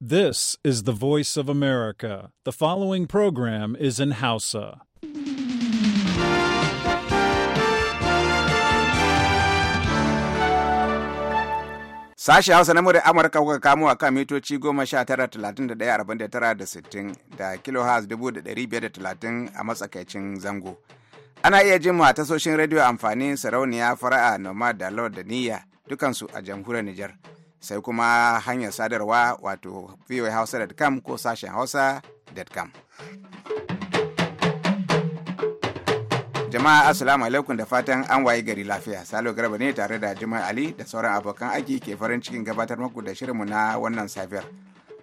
This is the voice of America. The following program is in Hausa. Sashi Hausa na murar Amurka kuka kamo a kan mitoci goma sha tara talatin da ɗaya arba'in da tara da sittin da kilohaz dubu da ɗari biyar da talatin a matsakaicin zango. Ana iya jin ta tasoshin rediyo amfani sarauniya fara'a nomad da lord da niyya dukansu a jamhuriyar Nijar. sai kuma hanyar sadarwa wato voahausa.com ko sashen hausa.com. Jama'a Assalamu alaikum da fatan an waye gari lafiya. Salo Garba ne tare da jima'i Ali da sauran abokan aiki ke farin cikin gabatar muku da shirinmu na wannan safiyar.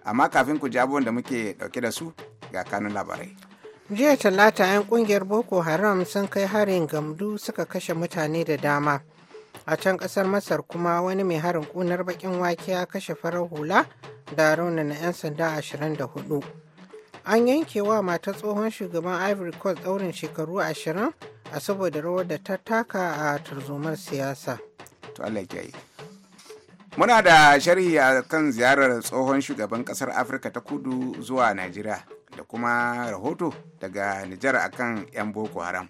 Amma kafin ku ji abubuwan da muke dauke da su ga kanun labarai. Jiya talata 'yan kungiyar Boko Haram sun kai harin gamdu suka kashe mutane da dama. a can kasar masar kuma wani mai harin kunar bakin wake ya kashe farar hula da raunana 'yan sanda 24 an yanke wa mata tsohon shugaban ivory coast daurin shekaru 20 a saboda rawar da ta taka a tarzomar siyasa muna da sharhi a kan ziyarar tsohon shugaban kasar afirka ta kudu zuwa najeriya da kuma rahoto daga nijar akan 'yan boko haram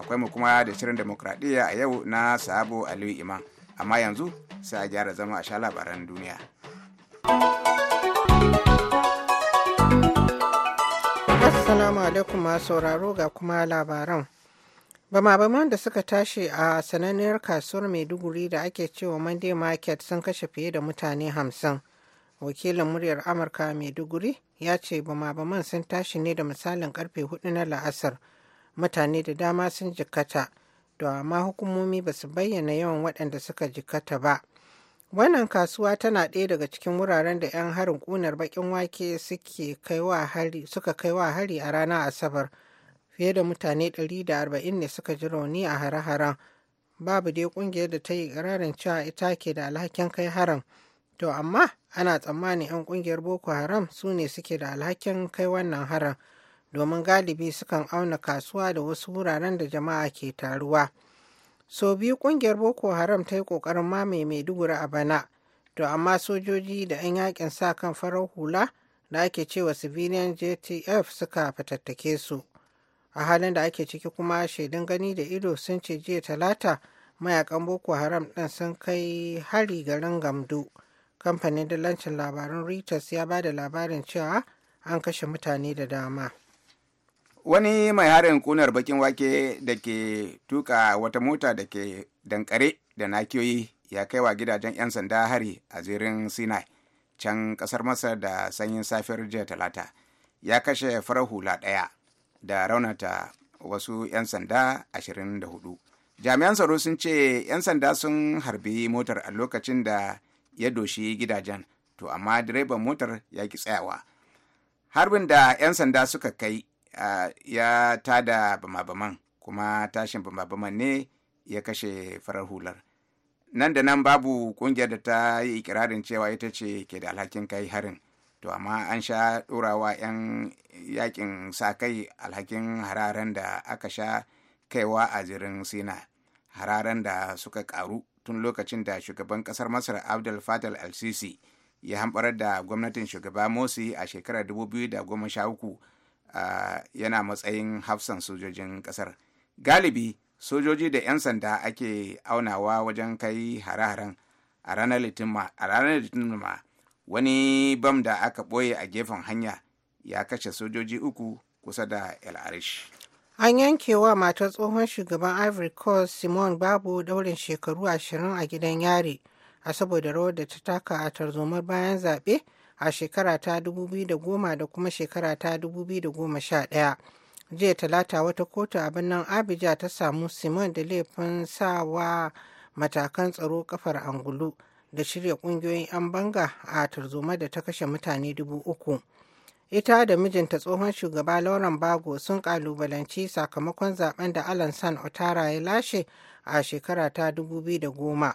akwai mu kuma da shirin demokradiyya a yau na sabo aliyu imam amma yanzu sai a gyara zama a sha labaran duniya assalamu alaikum sauraro ga kuma labaran bama da suka tashi a sananniyar kasuwar maiduguri da ake cewa monday market sun kashe fiye da mutane hamsin wakilin muryar amurka maiduguri ya ce bama sun tashi ne da misalin karfe hudu na la'asar mutane da dama sun jikata da amma hukumomi ba su bayyana yawan waɗanda suka jikata ba wannan kasuwa tana ɗaya daga cikin wuraren da 'yan harin ƙunar baƙin wake suka kai wa hari a ranar asabar fiye da mutane 140 ne suka ji rauni a hare-haren babu dai ƙungiyar da ta yi ƙirarin cewa ita ke da alhakin kai harin to amma ana tsammanin 'yan ƙungiyar boko haram su ne suke da alhakin kai wannan harin domin galibi sukan auna kasuwa da wasu wuraren da jama'a ke taruwa. Sau biyu kungiyar Boko Haram ta yi ƙoƙarin mamaye Maiduguri a bana, to amma sojoji da 'yan yakin sa kan farar hula da ake cewa civilian JTF suka fatattake su. A halin da ake ciki kuma shaidun gani da ido sun ce jiya talata mayakan Boko Haram ɗin sun kai hari garin Gamdu. Kamfanin dalancin labarun Reuters ya ba da labarin cewa an kashe mutane da dama. wani mai harin kunar bakin wake da ke tuka wata mota da ke dankare da nakiyoyi ya kai wa gidajen 'yan sanda hari a zirin sinai can kasar masar da sanyin safiyar jiya talata ya kashe farar hula ɗaya da raunata wasu 'yan sanda 24 jami'an tsaro sun ce 'yan sanda sun harbi motar a lokacin da ya doshi gidajen to amma direban motar ya ki tsayawa harbin da 'yan sanda suka kai ya tada bama-baman kuma tashin bama-baman ne ya kashe farar hular nan da nan babu kungiyar da ta yi ikirarin cewa ita ce ke da alhakin kai harin to amma an sha ɗorawa 'yan yakin sa kai alhakin hararen da aka sha kaiwa a zirin sina hararen da suka karu tun lokacin da shugaban kasar masar abdul fatal al-sisi ya hamɓarar da gwamnatin shugaba mosi a shekarar 2013 yana matsayin hafsan sojojin kasar galibi sojoji da 'yan sanda ake aunawa wajen kai hare-haren a ranar litinin wani bam da aka ɓoye a gefen hanya ya kashe sojoji uku kusa da el arish an yanke wa matar tsohon shugaban ivory coast simon babu daurin shekaru ashirin a gidan yari a saboda rawar da ta taka a tarzomar bayan zaɓe a shekara ta 2010 da kuma shekara ta 2011. jiya talata wata kotu a birnin abuja ta samu simon da laifin sawa matakan tsaro kafar angulu da shirya kungiyoyin 'yan banga a tarzoma da ta kashe mutane dubu uku ita da mijinta tsohon shugaba lauren bago sun kalubalanci sakamakon zaben da alan san otara ya lashe a shekara ta 2010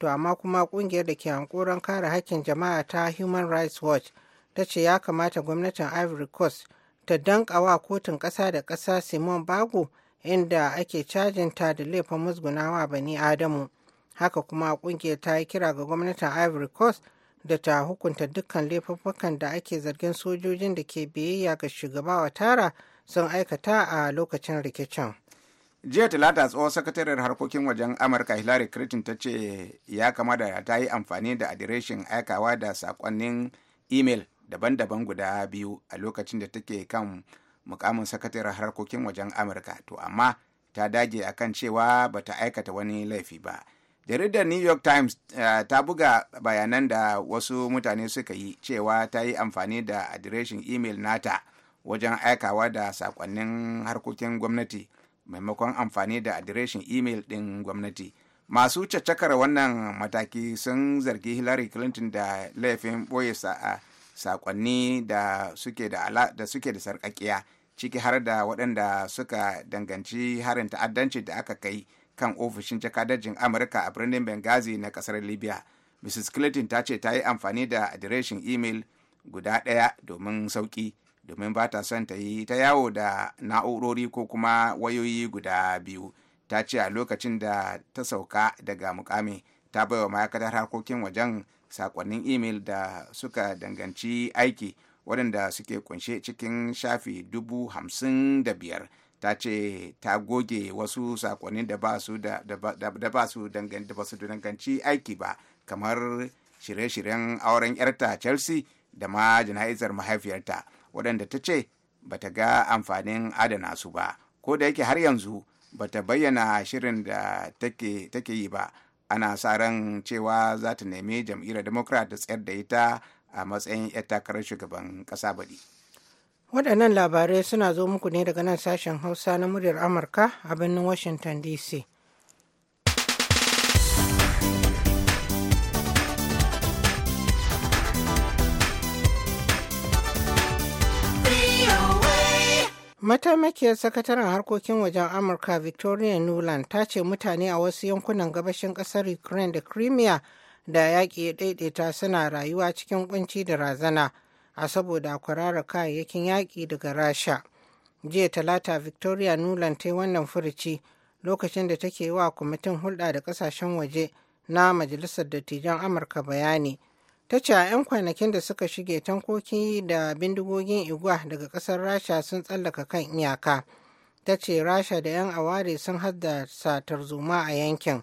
to amma kuma kungiyar da ke hankoron kare hakkin jama'a ta human rights watch ta ce ya kamata gwamnatin ivory coast ta dankawa kotun ƙasa da ƙasa simon bago inda ake cajin ta da laifin musgunawa bani adamu haka kuma kungiyar ta yi kira ga gwamnatin ivory coast da ta hukunta dukkan laifuffukan da ake zargin sojojin da ke biyayya ga shugaba wa tara sun aikata a lokacin rikicin. jiya talata tsohon sakatariyar harkokin wajen amurka hillary clinton ta ce ya kamata ta yi amfani da adireshin aikawa da sakonnin imel daban-daban guda biyu a lokacin da take kan mukamin sakatariyar harkokin wajen amurka to amma ta dage akan cewa ba ta aikata wani laifi ba jaridar new york times uh, ta buga bayanan da wasu mutane suka yi cewa ta yi amfani da adireshin imel nata wajen aikawa da sakonnin harkokin gwamnati maimakon amfani da adireshin email ɗin gwamnati masu caccakar wannan mataki sun zargi hillary clinton da laifin ɓoye sakonni da suke da da suke da sarƙaƙiya ciki har da waɗanda suka danganci harin ta'addanci da aka kai kan ofishin jakadajin amurka a birnin benghazi na ƙasar libya mrs clinton ta ce ta yi amfani da adireshin email guda ɗaya domin sauƙi domin ba ta son ta yi ta yawo da na'urori ko kuma wayoyi guda biyu ta ce a lokacin da ta sauka daga mukami ta bai wa ma'aikatar harkokin wajen sakonnin imel da suka danganci aiki waɗanda suke kunshe cikin shafi dubu hamsin da biyar ta ce ta goge wasu sakonnin da ba su danganci aiki ba kamar shirye-shiryen auren 'yarta chelsea da ma jana'izar mahaifiyarta waɗanda ta ce ba ta ga amfanin adana su ba ko da yake har yanzu ba ta bayyana shirin da take yi ba ana sa ran cewa za ta nemi jam'iyyar democrat da tsayar da ita a matsayin 'yar takarar shugaban ƙasa baɗi. waɗannan labarai suna zo muku ne daga nan sashen hausa na muryar amurka a birnin washington dc Mataimakiyar sakataren harkokin wajen Amurka Victoria Nuland ta ce mutane a wasu yankunan gabashin ƙasar Ukraine da Crimea da yaƙi ya daidaita suna rayuwa cikin kunci da razana a saboda kwararar kayayyakin yaƙi daga Rasha. Jiya Talata Victoria Nuland ta yi wannan furuci lokacin da take wa kwamitin hulɗa da ƙasashen waje na Majalisar Dattijan Amurka bayani ta ce a 'yan kwanakin da suka shige tankoki da bindigogin igwa daga kasar rasha sun tsallaka kan iyaka ta ce rasha da 'yan aware sun haddasa tarzoma a yankin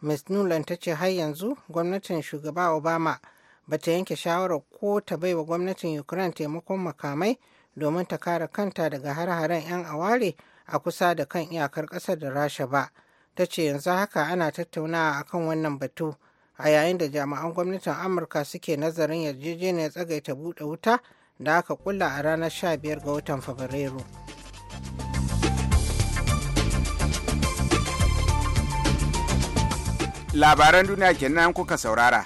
ms nulan ta ce har yanzu gwamnatin shugaba obama ba ta yanke shawarar ko ta baiwa gwamnatin ukraine taimakon makamai domin ta kare kanta daga har-haren 'yan aware a kusa da kan iyakar kasar da rasha ba ta ce yanzu haka ana tattaunawa akan wannan batu a yayin da jami'an gwamnatin amurka suke nazarin yarjejeniyar tsagaita buɗe wuta da aka kulla a ranar 15 ga watan fabrairu labaran duniya kenan kuka saurara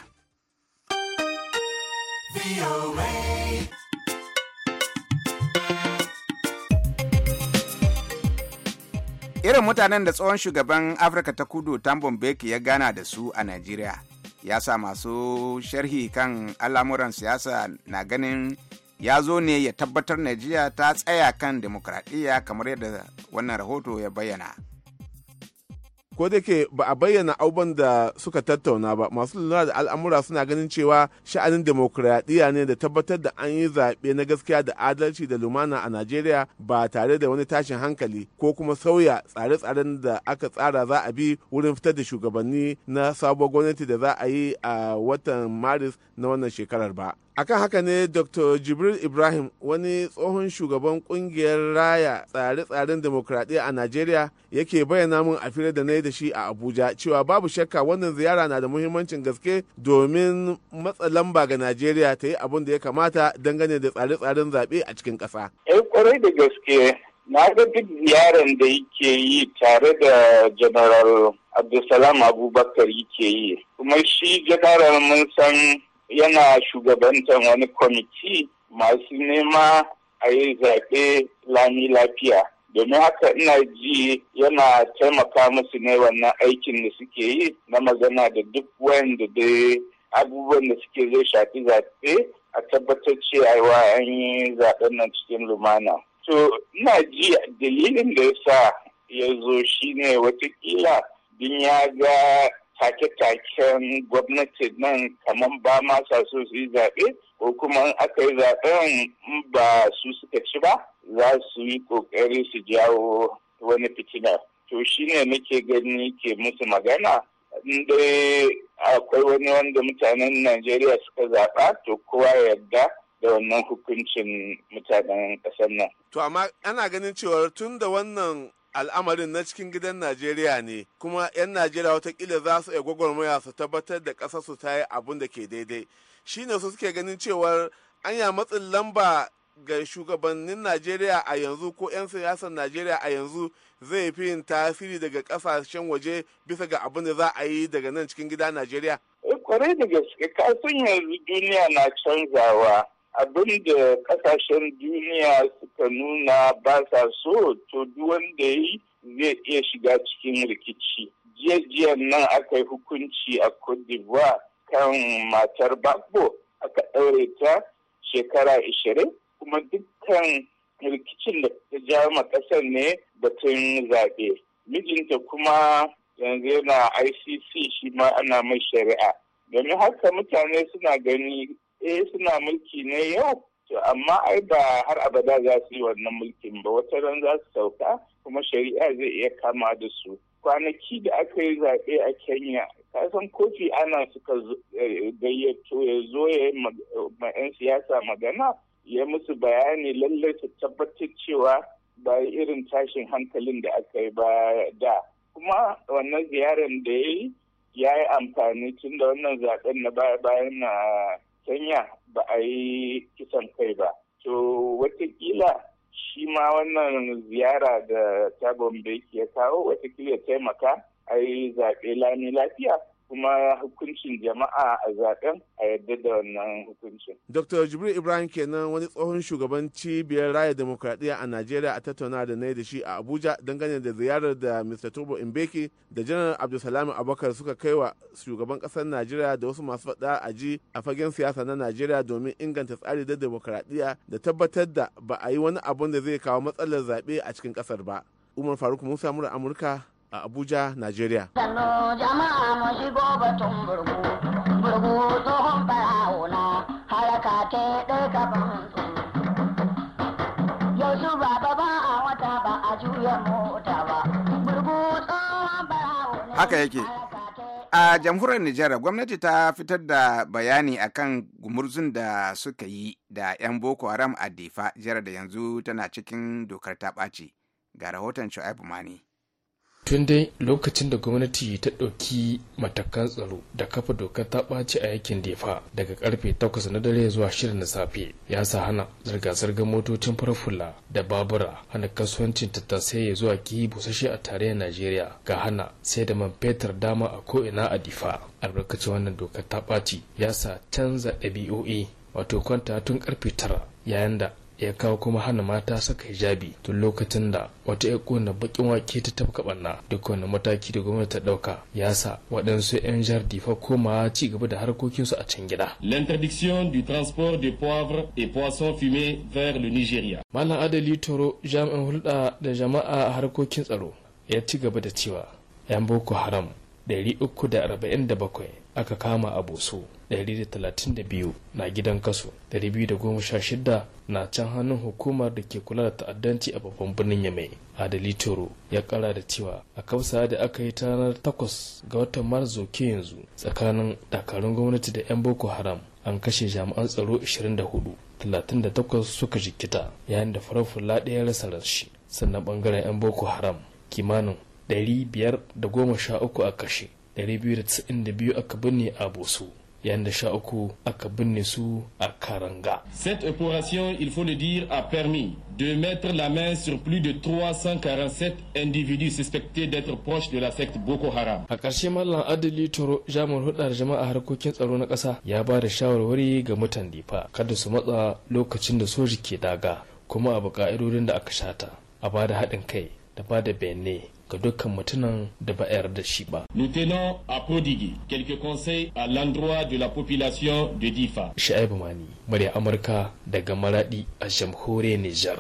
irin mutanen da tsohon shugaban afirka ta kudu tambon beki ya gana da su a najeriya ya sa masu sharhi kan al'amuran siyasa na ganin ya zo ne ya tabbatar Najeriya ta tsaya kan demokradiyya kamar yadda wannan rahoto ya bayyana. ko da ke ba a bayyana auban da suka tattauna ba masu lura da al'amura suna ganin cewa sha'anin demokuraɗiyya ne da tabbatar da an yi zaɓe na gaskiya da adalci da lumana a najeriya ba tare da wani tashin hankali ko kuma sauya tsare-tsaren da aka tsara za a bi wurin fitar da shugabanni na sabuwar gwamnati da za a yi a watan maris na wannan shekarar ba akan haka ne dr jibril ibrahim wani tsohon shugaban kungiyar raya tsare-tsaren demokradiyya a najeriya yake bayyana min a fira da na da shi a abuja cewa babu shakka wannan ziyara na da muhimmancin gaske domin matsa lamba ga najeriya ta yi abin da ya kamata dangane da tsare-tsaren zaɓe a cikin ƙasa. kwarai eh, da gaske na ga duk ziyarar da yake yi tare da general abdulsalam abubakar yake yi kuma shi general mun san yana shugabantar wani kwamiti masu nema a yi zaɓe lami lafiya domin haka ina ji yana taimaka musu ne wannan aikin da suke yi na magana da duk wanda dai abubuwan da suke zai shafi zaɓe a tabbatar ce cewa an yi zaɓen nan cikin lumana. To ina ji dalilin da ya sa ya zo shine watakila din ya ga take-taken gwamnati nan kamar ba ma su yi zaɓe ko kuma aka yi zaɓen ba su suka ci ba za su yi ƙoƙari su jawo wani fitina. To shi ne muke gani ke musu magana dai akwai wani wanda mutanen Najeriya suka zaɓa to kowa yarda da wannan hukuncin mutanen ƙasar nan. To amma ana ganin cewar tun da wannan al'amarin na cikin gidan Najeriya ne kuma 'yan Najeriya watakila za su iya gwagwarmaya su tabbatar da ƙasar su ta yi abin da ke daidai shi ne su suke ganin cewar anya matsin lamba ga shugabannin Najeriya a yanzu ko 'yan siyasar Najeriya a yanzu zai fi yin tasiri daga ƙasashen waje bisa ga abin da za a yi daga nan cikin gida Najeriya. Eh, kwarai da gaske, kasan yanzu duniya na canzawa. abin da kasashen duniya suka nuna ba sa so to duk wanda yi zai iya shiga cikin rikici jiya nan aka yi hukunci a cote d'ivoire kan matar bakbo aka ɗaure ta shekara 20 kuma dukkan rikicin da ta ja ma ƙasar ne batun zaɓe mijinta kuma yanzu yana icc shi ma ana mai shari'a domin haka mutane suna gani eh suna mulki ne yau To amma ai ba har abada za su yi wannan mulkin ba wata ran za su sauka kuma shari'a zai iya kama da su kwanaki da aka yi zaɓe a kenya kasan kofi ana suka eh, gayyato ya zo ya yi ma 'yan siyasa magana ya musu bayani lallai su tabbatar cewa ba irin tashin hankalin da aka yi ba da kuma wannan ziyarar da ya yi ya yi amfani tun da wannan zaɓen na baya bayan na kenya ba a yi kisan kai ba to watakila shi ma wannan ziyara da ta bombe ya kawo watakila taimaka a yi zaɓe lami lafiya kuma hukuncin jama'a a zaben a yadda da wannan hukuncin. Dr. Jibril Ibrahim kenan wani tsohon shugaban cibiyar raya demokradiyya a Najeriya a tattauna da na da shi a Abuja dangane da ziyarar da Mr. Turbo Mbeki da Janar Abdulsalam Abubakar suka kai wa shugaban ƙasar Najeriya da wasu masu faɗa a ji a fagen siyasa na Najeriya domin inganta tsari da demokradiyya da tabbatar da ba a yi wani abun da zai kawo matsalar zaɓe a cikin ƙasar ba. Umar Faruk Musa Mura Amurka a Abuja, Najeriya. jama'a mu shigo batun burgu, burgu Haka yake. A jamhuriyar Nijar gwamnati ta fitar da bayani akan gumurzun da suka yi da 'yan Boko Haram a Defa jihar da yanzu tana cikin dokar ta ɓaci ga rahoton Shu'aibu Mani. tun dai lokacin da gwamnati ta ɗauki matakan tsaro da kafa dokar ta ɓaci a yakin defa daga karfe 8 na dare zuwa shirin na safe ya sa hana zirga-zirgar motocin farfula da babura hana kasuwancin tattasai ya zuwa ki busashe a tarayyar najeriya ga hana sai da man fetur dama a ko'ina a difa albarkacin wannan dokar ta ɓaci ya sa canza ɗabi'o'i wato kwanta tun karfe tara yayin da ya kawo kuma hana mata saka hijabi tun lokacin da wata ya kona bakin wake ta tafka banna duk wani mataki da gwamnati ta dauka ya sa waɗansu 'yan jihar difa koma ci gaba da harkokinsu a can gida. L'interdiction du transport de poivre et poisson fumé vers le Nigeria. Malam Adali Toro jami'in hulɗa da jama'a a harkokin tsaro ya ci gaba da cewa 'yan Boko Haram 347 aka kama a boso 132 na gidan kaso 216 na can hannun hukumar da ke kula da ta'addanci a babban birnin yamai adali toro ya kara da cewa a kamsa da aka yi ranar takwas ga watan marzo ke yanzu tsakanin dakarun gwamnati da 'yan boko haram an kashe jami'an tsaro 24 38 suka jikita yayin da farar fula ɗaya rasa rashi sannan bangaren 'yan boko haram kimanin 513 a kashe 292 aka binne a boso yayin da sha uku aka binne su a Karanga. Cette opération, il faut le dire, a permis de mettre la main sur plus de 347 individus suspectés d'être proches de la secte Boko Haram. A ƙarshe Mallam Adali Toro jami'ar hudar jama'a harkokin tsaro na ƙasa ya ba da shawarwari ga mutan difa kada su matsa lokacin da soji ke daga kuma a ka'idodin da aka shata a ba da haɗin kai da ba da bene ga dukkan mutunan da ba yar da shi ba. Nous tenons à prodiguer quelques conseils à l'endroit de la population de Difa. Sha'ibu Mani, murya Amurka daga Maradi a jamhuriyar Nijar.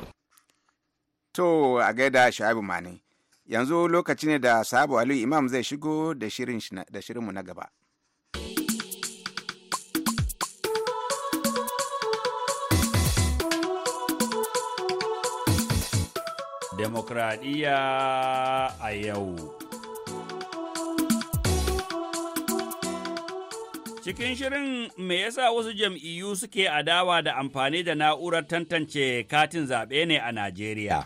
To a gaida Sha'ibu Mani, yanzu lokaci ne da Sabo Aliyu Imam zai shigo da shirin mu na gaba. demokradiyya a yau. Cikin shirin me yasa wasu jam'iyyu suke adawa da amfani da na'urar tantance katin zaɓe ne a Najeriya.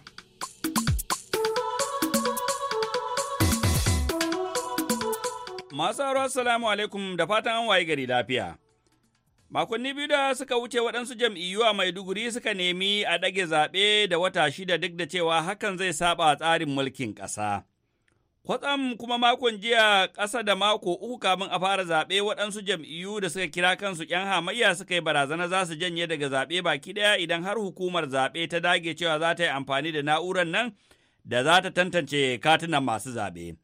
Masu haro, Assalamu alaikum da fatan an waye gari lafiya. Makonni biyu da suka wuce waɗansu jam'iyyu a Maiduguri suka nemi a ɗage zaɓe da wata shida duk da cewa hakan zai saba tsarin mulkin ƙasa. Kwatsam kuma makon jiya ƙasa da mako uku kamin a fara zaɓe waɗansu jam'iyyu da suka kira kansu ‘yan hamayya suka yi barazana za su janye daga zaɓe baki ɗaya idan har hukumar zaɓe ta dage cewa za ta yi amfani da na'urar nan da za ta tantance katunan masu zaɓe.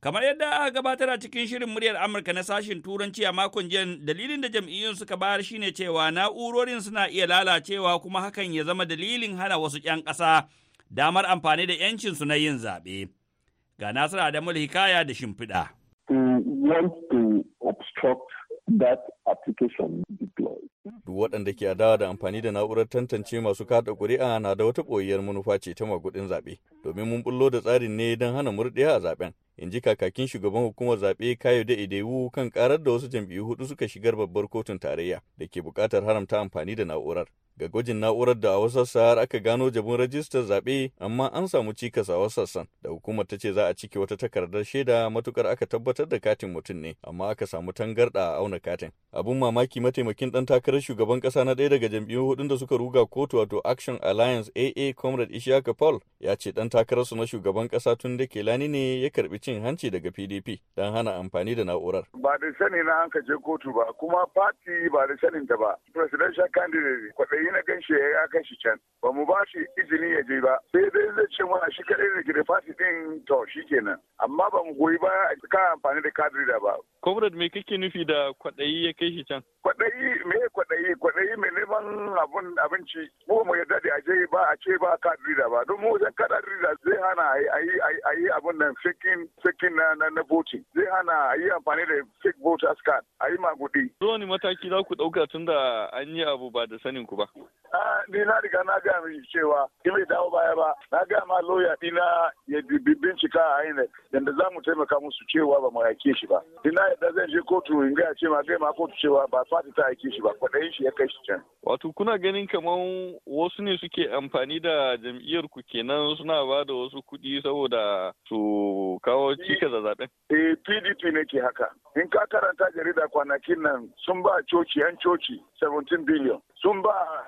Kamar yadda aka gabatar a cikin shirin muryar Amurka na sashin Turanci a makon jiya dalilin da jam'iyyun suka bayar shine cewa na'urorin suna iya lalacewa kuma hakan ya zama dalilin hana wasu 'yan ƙasa damar amfani da 'yancinsu na yin zaɓe. Ga Nasiru Adamu Hikaya da Shimfiɗa. They mm, want to obstruct that application deployed. Waɗanda ke adawa da amfani da na'urar tantance masu kada ƙuri'a na da wata ɓoyiyar manufa ce ta magudin zaɓe, domin mun bullo da tsarin ne don hana murɗiya a zaɓen. In ji kakakin shugaban hukumar zaɓe Kayo da Idewu kan ƙarar da wasu jam'iyyu hudu suka shigar babbar kotun tarayya da ke buƙatar haramta amfani da na'urar. Ga gwajin na'urar da a wasu sassa aka gano jabin rajistar zaɓe amma an samu cikas a wasu sassan da hukumar ta ce za a cike wata takardar shaida matukar aka tabbatar da katin mutum ne amma aka samu tangarɗa a auna katin. Abun mamaki mataimakin ɗan takarar shugaban kasa na ɗaya daga jam'iyyun hudun da suka ruga kotu wato Action Alliance AA Comrade ishaka Paul ya ce ɗan su na shugaban ƙasa tun da Kelani ne ya karbi cin hanci daga PDP don hana amfani da na'urar. Ba da sani na an je kotu ba kuma fati ba da ta ba. Presidential candidate kwaɗayi ni na gan shi ya kai shi can ba mu ba shi izini ya je ba sai dai zai ce mana shi kadai ne gida fati din to shi kenan amma ba mu goyi ba ka amfani da kadiri da ba. Comrade me kake nufi da kwaɗayi ya kai shi can? Kwaɗayi me kwaɗayi kwaɗayi mai neman abun abinci mu mu yadda da aje ba a ce ba kadiri da ba don mu zan kadiri da zai hana a yi abun nan fakin fakin na na voting zai hana a yi amfani da fake voters card a yi magudi. Zuwa ne mataki za ku ɗauka tun da an yi abu ba da sanin ku ba. Ah, ni na riga na gaya mishi cewa in bai dawo baya ba na gaya ma lauya dina ya bincika a inec yadda za mu taimaka musu cewa ba mu aike shi ba dina yadda zan je kotu in gaya cewa ma gaya ma kotu cewa ba fati ta aike shi ba kwaɗayin shi ya kai shi can. wato kuna ganin kamar wasu ne suke amfani da jam'iyyar ku kenan suna ba da wasu kuɗi saboda su kawo cika da zaɓen. eh pdp ne ke haka in ka karanta jarida kwanakin nan sun ba coci yan coci 17 billion sun ba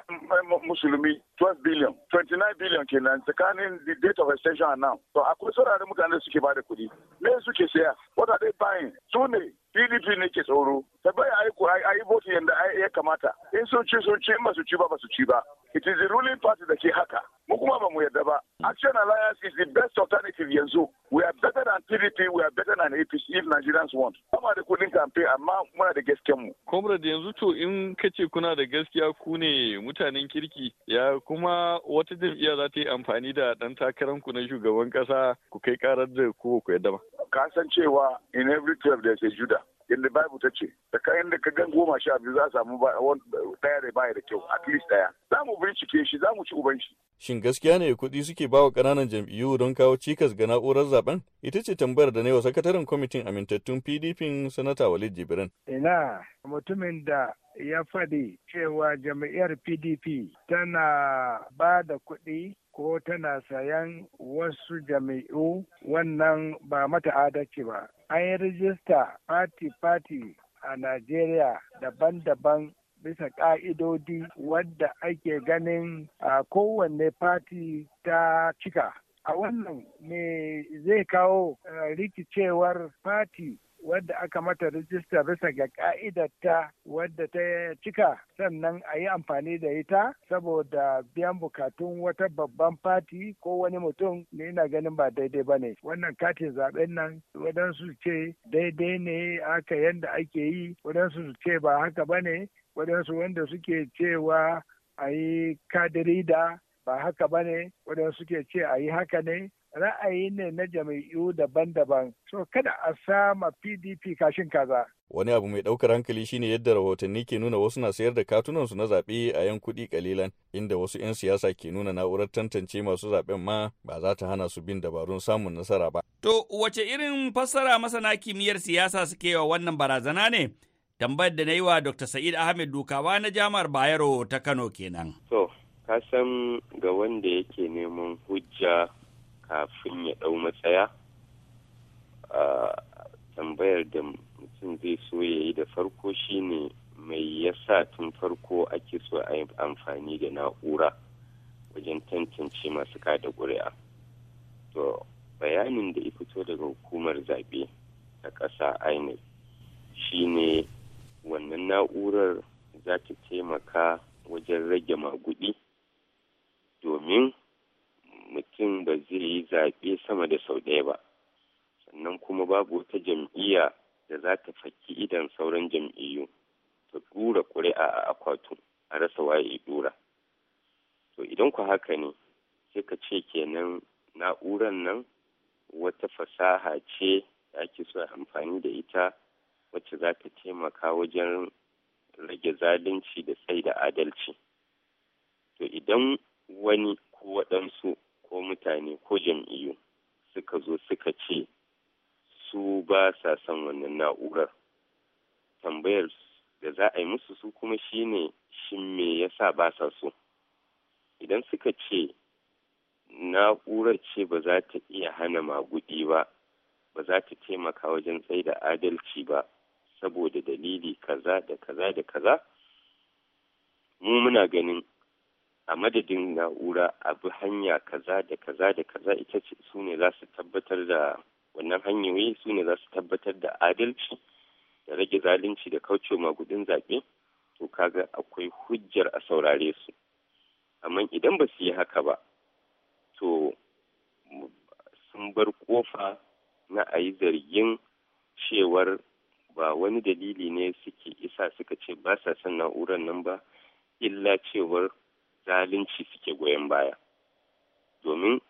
musulmi 12 billion 29 billion kenan tsakanin the date of extension and now to akwai sauraron mutane suke ba da kuɗi me suke saya what are they buying su ne pdp ne ke tsoro ta bai aiko a yi voting yadda ya kamata in sun ci sun ci in ba su ci ba ba su ci ba it is the ruling party da ke haka mu kuma ba mu yadda ba action alliance is the best alternative yanzu we are better than pdp we are better than apc if nigerians want kuma da kudin kamfe amma muna da gasken mu comrade yanzu to in kace kuna da gaskiya ku ne mutanen kirki ya kuma wata jam'iyya za ta yi amfani da dan ku na shugaban kasa ku kai karar da ku ku yadda ba ka san cewa in every 12 is a judah yadda babu ta ce da kayan da ka gan goma sha biyu za a samu daya da baya da kyau at least daya za mu bincike shi za mu ci uban shi. Shin gaskiya ne kuɗi suke ba wa ƙananan jam'iyyu don kawo cikas ga na'urar zaben? Ita ce tambayar da na wa sakataren kwamitin amintattun PDP sanata Walid Jibrin. Ina mutumin da ya faɗi cewa jam'iyyar PDP tana ba da kuɗi ko tana sayan wasu jami'u wannan ba mata adalci ba an yi rijista fati-fati a Najeriya daban-daban bisa ƙa'idodi wadda ake ganin a kowanne fati ta cika. A wannan me zai kawo rikicewar fati wadda aka mata rijista bisa ga ta wadda ta cika sannan a yi amfani da ita saboda biyan bukatun wata babban fati ko wani mutum ne ina ganin ba daidai ba ne wannan katin zaben nan wadansu ce daidai ne aka yadda ake yi wadansu ce ba haka ba ne wadansu wanda suke cewa a yi kadirida ba haka ba ne wadansu suke ce a yi haka ne ra'ayi ne na jam'iyyu daban-daban so kada a sama pdp kashin kaza wani abu mai ɗaukar hankali shine yadda rahotanni ke nuna wasu na sayar da katunansu na zaɓe a yan kuɗi kalilan inda wasu 'yan siyasa ke nuna na'urar tantance masu zaɓen ma ba za ta hana su bin dabarun samun nasara ba. To wace irin fassara masana kimiyyar siyasa suke wa wannan barazana ne? Tambayar da na yi wa Dr. Sa'id Ahmed Dukawa na Jami'ar Bayero ta Kano kenan. To, ka ga wanda yake neman hujja kafin ya ɗau matsaya a tambayar da mutum zai so ya yi da farko shine mai yasa tun farko ake so a yi amfani da na'ura wajen tantance masu kada ƙuri'a to bayanin da ya fito daga hukumar zaɓe ta ƙasa inec shine wannan na'urar za ta taimaka wajen rage magudi domin mutum ba zai yi zaɓe sama da sau ɗaya ba sannan kuma babu wata jam'iyya da za ta faki idan sauran jam'iyyu ta ɗura ƙuri'a a akwatu a rasa waye ɗura to idan ku haka ne sai ka ce kenan na'uran nan wata fasaha ce da ake so amfani da ita wacce za ta taimaka wajen rage zalunci da tsaida adalci to idan wani ko waɗansu ko mutane ko jam'iyyu suka zo suka ce su ba sa son wannan na'urar tambayar da za a yi musu su kuma shine shin me yasa ba sa so idan suka ce na'urar ce ba za ta iya hana magudi ba ba za ta taimaka wajen tsaye da adalci ba saboda dalili kaza da kaza da kaza mu muna ganin a madadin na'ura a hanya kaza da kaza da kaza ita ce su ne za su tabbatar da wannan hanyoyi su ne za su tabbatar da adalci da rage zalunci da kauce magudin zaɓe to kaga akwai hujjar a saurare su amma idan ba su yi haka ba to sun bar kofa na a yi zargin cewar ba wani dalili ne suke isa suka ce ba sa son na'urar nan ba illa cewar zalunci suke goyon baya domin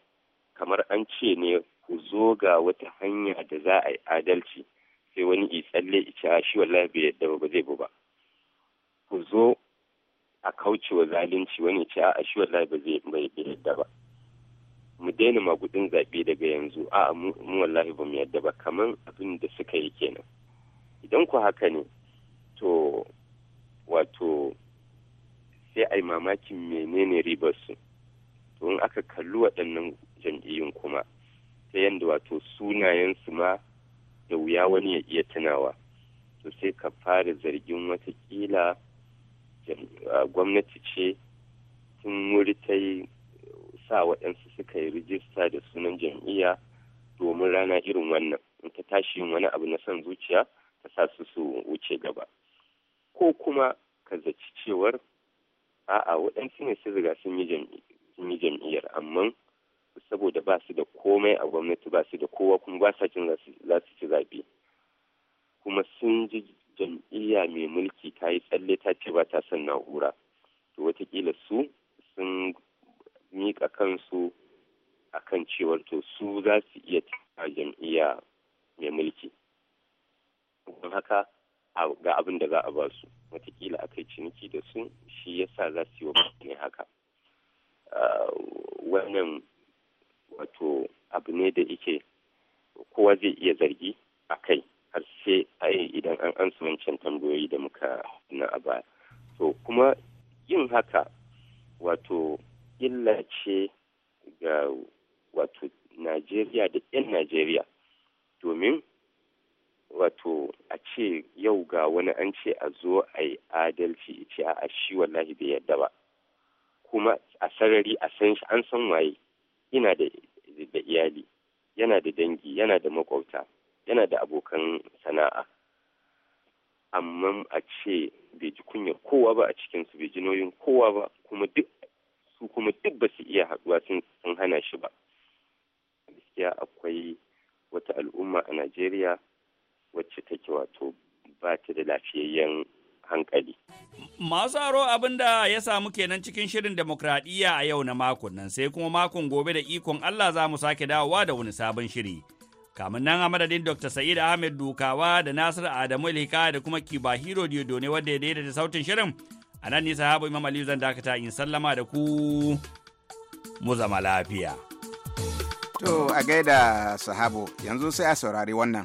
kamar an ce ne ku zo ga wata hanya da za a yi adalci sai wani i tsalle ice shi wallahi bai yadda ba zai bu ba ku zo a kaucewa zalunci wani ce a shi wallahi ba zai bai yadda ba mu daina magudin zaɓe daga yanzu a mu wallahi ba mu yadda ba kamar abin da suka yi kenan idan ku haka ne to wato sai a yi mamakin menene ribarsu to in aka kalli waɗannan jam'iyyun kuma ta yadda wato sunayensu ma da wuya wani ya iya tunawa to sai ka fara zargin watakila gwamnati ce tun wuri ta yi sa waɗansu suka yi rijista da sunan jam'iyya domin rana irin wannan in ta tashi yin wani abu na son zuciya ta sa su su wuce gaba ko kuma ka zaci cewar a'a waɗansu ne sun riga sun yi jam'iyyar amma saboda ba su da komai a gwamnati ba su da kowa kuma ba sa cin za su ci zaɓe kuma sun ji jam'iyya mai mulki ta yi tsalle ta ce ba ta son na'ura to watakila su sun miƙa kansu a kan cewar to su za su iya ta jam'iyya mai mulki don haka ga abin da za a ba su wataƙila aka yi ciniki da su shi yasa za su yi wa mutane haka ah, wannan wato abu ne da yake kowa zai iya zargi a kai har sai idan an ansa wancan tambayoyi da muka na a baya to kuma yin haka wato illa ce ga wato najeriya da 'yan najeriya domin wato a ce yau ga wani an ce a zo a yi adalci ce a shi wallahi bai yadda ba kuma a sarari a san shi an san waye ina da iyali yana da dangi yana da makwabta yana da abokan sana'a amma a ce bai ji kunya kowa ba a cikinsu bai ji nauyin kowa ba kuma duk su kuma duk ba su iya haɗuwa sun hana shi ba gaskiya akwai wata al'umma a najeriya wacce take wato ba ta da lafiyayyen hankali. Masu aro abin da ya samu kenan cikin shirin demokradiyya a yau na makon nan sai kuma makon gobe da ikon Allah za mu sake dawowa da wani sabon shiri. Kamun nan a madadin Dr. Sa'id Ahmed Dukawa da Nasir Adamu Lika da kuma Kiba Hiro Diodone wadda ya daidaita sautin shirin. A nan nisa habu Imam Aliyu zan dakata in sallama da ku mu zama lafiya. To a gaida sahabu yanzu sai a saurari wannan.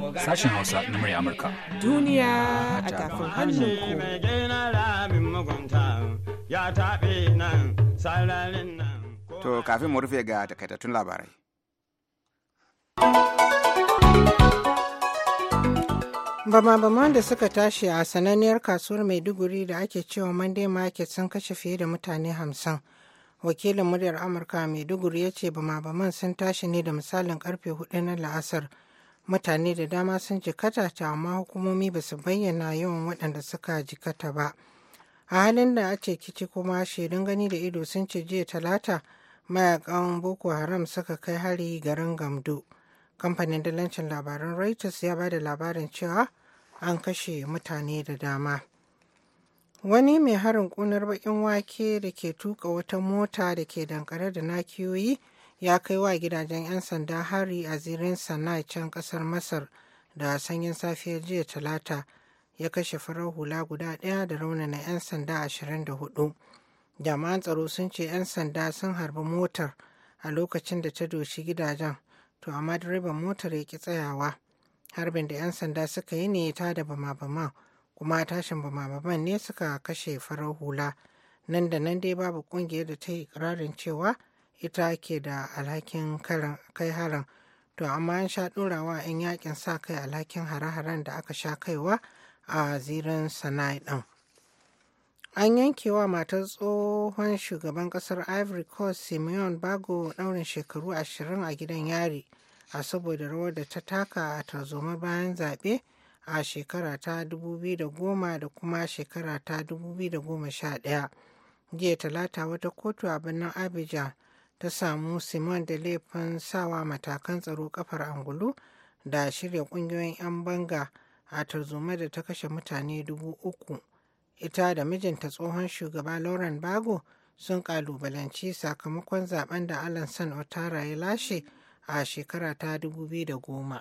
Sashen Hausa na murya Amurka. Duniya a tafin hannunku. To kafin mu rufe ga takaitattun labarai. bama bama da suka tashi a sananniyar kasuwar Maiduguri da ake cewa Monday Market sun kashe fiye da mutane hamsin. Wakilin muryar Amurka Maiduguri ya ce bama-baman sun tashi ne da misalin karfe hudu na la'asar. mutane da dama sun jikata ta amma hukumomi ba su bayyana yawan waɗanda suka jikata ba a halin da ake kici kuma shaidun gani da ido sun ce jiya talata mayakan boko haram suka kai hari garin gamdo kamfanin dalancin labaran reuters ya ba da labarin cewa an kashe mutane da dama wani mai harin kunar bakin wake da ke tuka wata mota da ke dankare da nakiyoyi ya kai wa gidajen 'yan sanda hari a zirin sana'a can kasar masar da sanyin safiyar jiya talata ya kashe farar hula guda ɗaya da raunana 'yan sanda 24 Jama'an tsaro sun ce 'yan sanda sun harbi motar a lokacin da ta doshi gidajen to amma direban motar ya ki tsayawa harbin da 'yan sanda suka yi ne ta da bama kuma tashin bama ne suka kashe farar hula nan da nan dai babu kungiyar da ta yi ikirarin cewa ita ke da alhakin kai haran to amma an sha ɗorawa 'yan yakin sa kai alhakin hare-haren da aka sha kaiwa a zirin sana'i ɗin an yanke wa matar tsohon shugaban kasar ivory coast simeon bago ɗaurin shekaru ashirin a gidan yari a saboda rawar da ta taka a tarzoma bayan zaɓe a shekara ta 2010 da kuma shekara ta 2011 jiya talata wata kotu a birnin abidjan ta samu simon da laifin sawa matakan tsaro kafar angulu da shirya kungiyoyin 'yan banga a tarzoma da ta kashe mutane dubu uku ita da mijinta tsohon shugaba lauren bago sun kalubalanci sakamakon zaben da alan san otara ya lashe a shekara ta 2010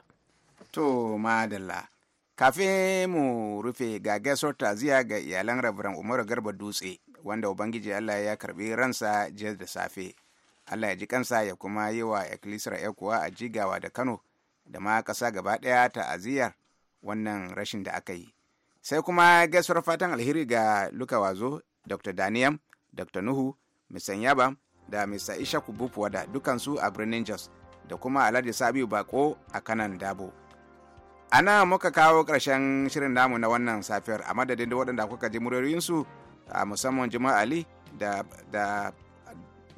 to madalla kafin mu rufe ga gasar taziya ga iyalan rabaran umaru garba dutse wanda ubangiji allah ya karbi ransa jiya da safe allah ya ji kansa ya kuma yi wa eklisar ekuwa a jigawa da kano da ma ƙasa gaba ɗaya ta'aziyar wannan rashin da aka yi sai kuma gaisuwar fatan alheri ga luka wazo dr daniel dr nuhu mr yaba da mr ishaku Bufuwa da dukansu a birnin jos da kuma alhaji sabiu bako a kanan dabo ana muka kawo ƙarshen shirin namu na wannan safiyar a madadin da waɗanda kuka ji muryoyinsu a musamman Juma'a ali da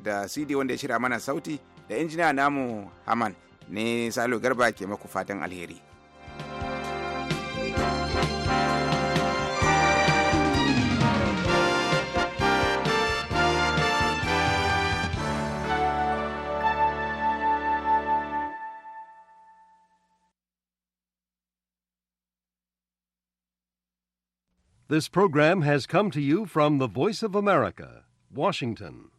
da cd wanda ya shirya mana sauti da injiniya namu haman ne salo garba ke maku fatan alheri This program has come to you from the Voice of America, Washington.